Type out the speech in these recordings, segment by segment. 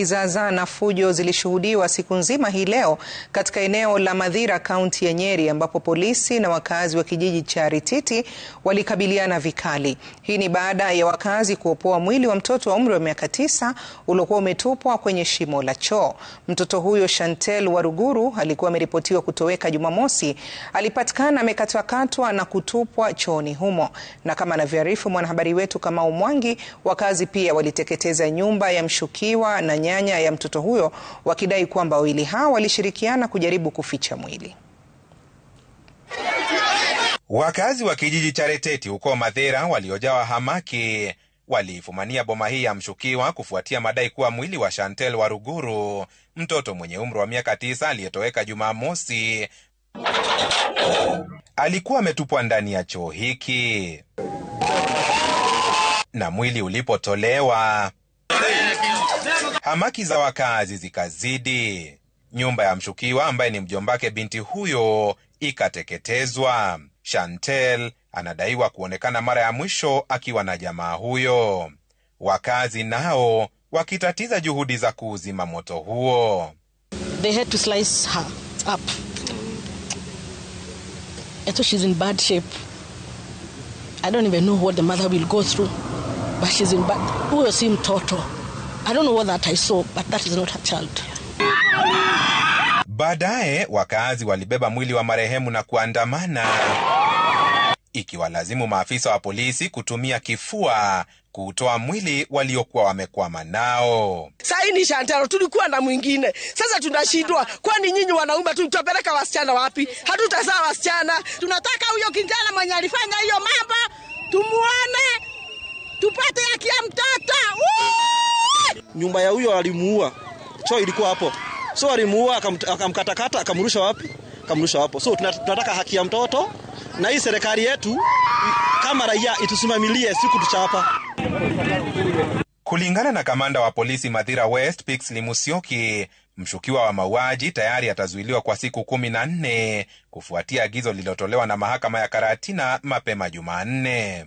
Kizaazaa na fujo zilishuhudiwa siku nzima hii leo katika eneo la Madhira kaunti ya Nyeri ambapo polisi na wakazi wa kijiji cha Rititi walikabiliana vikali. Hii ni baada ya wakazi kuopoa mwili wa mtoto wa umri wa miaka tisa uliokuwa umetupwa kwenye shimo la choo. Mtoto huyo Shantel Waruguru alikuwa ameripotiwa kutoweka Jumamosi, alipatikana amekatwakatwa na kutupwa chooni humo. Na kama anavyoarifu mwanahabari wetu Kamau Mwangi, wakazi pia waliteketeza nyumba ya mshukiwa na nyanya ya mtoto huyo wakidai kwamba wawili hao walishirikiana kujaribu kuficha mwili. Wakazi wa kijiji cha Reteti huko Madhera waliojawa hamaki waliifumania boma hii ya mshukiwa kufuatia madai kuwa mwili wa Chantel Waruguru, mtoto mwenye umri wa miaka tisa aliyetoweka Jumamosi, alikuwa ametupwa ndani ya choo hiki, na mwili ulipotolewa hamaki za wakazi zikazidi. Nyumba ya mshukiwa ambaye ni mjombake binti huyo ikateketezwa. Chantel anadaiwa kuonekana mara ya mwisho akiwa na jamaa huyo, wakazi nao wakitatiza juhudi za kuuzima moto huo. They had to slice her up. So she's in bad shape. I don't even know what the mother will go through, but she's in bad. Huyo si mtoto. I don't know what that I saw, but that is not her child. Baadaye wakaazi walibeba mwili wa marehemu na kuandamana, ikiwalazimu maafisa wa polisi kutumia kifua kutoa mwili waliokuwa wamekwama nao. Sahii ni shantaro, tulikuwa na mwingine, sasa tunashindwa. Kwani nyinyi wanaume tutapeleka wasichana wapi? Hatutazaa wasichana. Tunataka huyo kijana mwenye alifanya hiyo mambo tumwone tupate haki ya mtoto nyumba ya huyo alimuua choo ilikuwa hapo, so alimuua akamkatakata, akamrusha wapi? Akamrusha hapo. So tunataka haki ya mtoto, na hii serikali yetu kama raia itusimamilie, siku tuchapa Kulingana na kamanda wa polisi madhira West Pixley limusioki mshukiwa wa mauaji tayari atazuiliwa kwa siku kumi na nne kufuatia agizo lililotolewa na mahakama ya Karatina mapema Jumanne.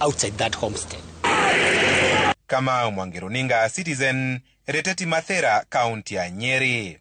outside that homestead. Kama mwangi runinga Citizen, Reteti Mathera, County ya Nyeri.